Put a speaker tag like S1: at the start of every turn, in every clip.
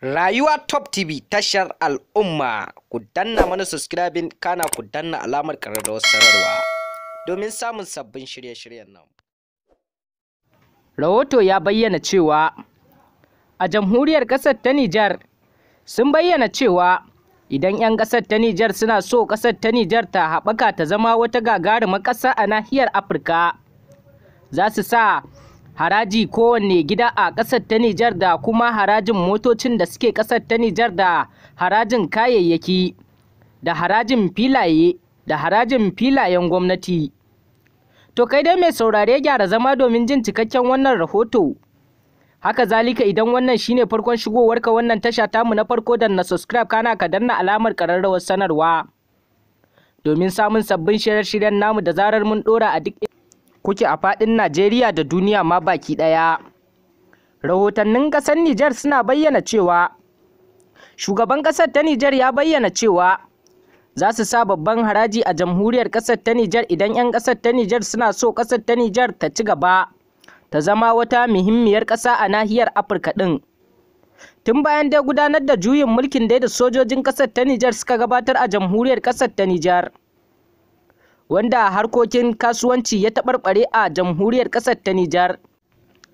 S1: Rayuwa Top TV tashar al'umma ku danna mana subscribing kana ku danna alamar ƙararrawar sanarwa domin samun sabbin shirye-shiryen nan. Rahoto ya bayyana cewa a jamhuriyar ƙasar ta Nijar sun bayyana cewa idan 'yan ƙasar ta Nijar suna so ƙasar ta Nijar ta haɓaka ta zama wata gagarumar ƙasa a nahiyar Afirka za su sa haraji kowanne gida a ƙasar ta Nijar da kuma harajin motocin da suke ƙasar ta Nijar da harajin kayayyaki da harajin filaye da harajin filayen gwamnati. To kai dai mai saurare gyara zama domin jin cikakken wannan rahoto. Haka zalika idan wannan shine farkon shigowarka wannan tasha tamu na farko da na subscribe kana ka danna alamar ƙararrawar sanarwa. Domin samun sabbin shirye-shiryen namu da zarar mun ɗora a duk kuke a faɗin Najeriya da duniya ma baki ɗaya. Rahotannin ƙasar Nijar suna bayyana cewa Shugaban ƙasar ta Nijar ya bayyana cewa za su sa babban haraji a jamhuriyar ƙasar ta Nijar idan 'yan ƙasar ta Nijar suna so ƙasar ta Nijar ta ci gaba ta zama wata muhimmiyar ƙasa a nahiyar Afirka ɗin. Tun bayan dai gudanar da juyin mulkin dai da sojojin ƙasar ta Nijar suka gabatar a jamhuriyar ƙasar ta Nijar. wanda harkokin kasuwanci ya taɓarɓare a jamhuriyar ƙasar ta Nijar.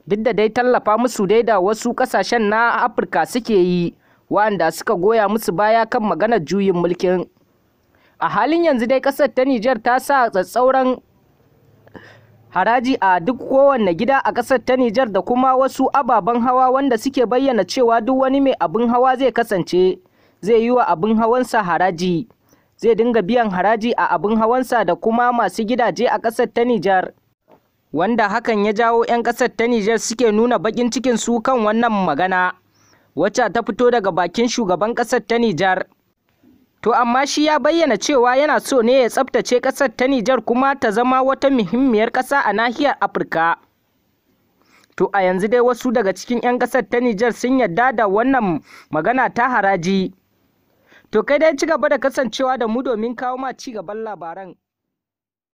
S1: Duk da dai tallafa musu dai da wasu ƙasashen na Afirka suke yi, waɗanda suka goya musu baya kan maganar juyin mulkin. A halin yanzu dai ƙasar ta Nijar ta sa tsatsauran haraji a duk kowanne gida a ƙasar ta Nijar da kuma wasu ababen hawa wanda suke bayyana cewa duk wani mai abin hawa zai kasance, zai yi wa abin hawansa haraji. zai dinga biyan haraji a abin hawansa da kuma masu gidaje a ƙasar ta Nijar. Wanda hakan ya jawo 'yan ƙasar ta Nijar suke nuna baƙin cikin su kan wannan magana, wacce ta fito daga bakin shugaban ƙasar ta Nijar. To amma shi ya bayyana cewa yana so ne ya tsaftace ƙasar ta Nijar kuma ta zama wata muhimmiyar ƙasa a nahiyar Afirka. To a yanzu dai wasu daga cikin 'yan ƙasar ta Nijar sun yarda da wannan magana ta haraji. To kai dai ci gaba da kasancewa da mu domin kawo ma ci gaban labaran.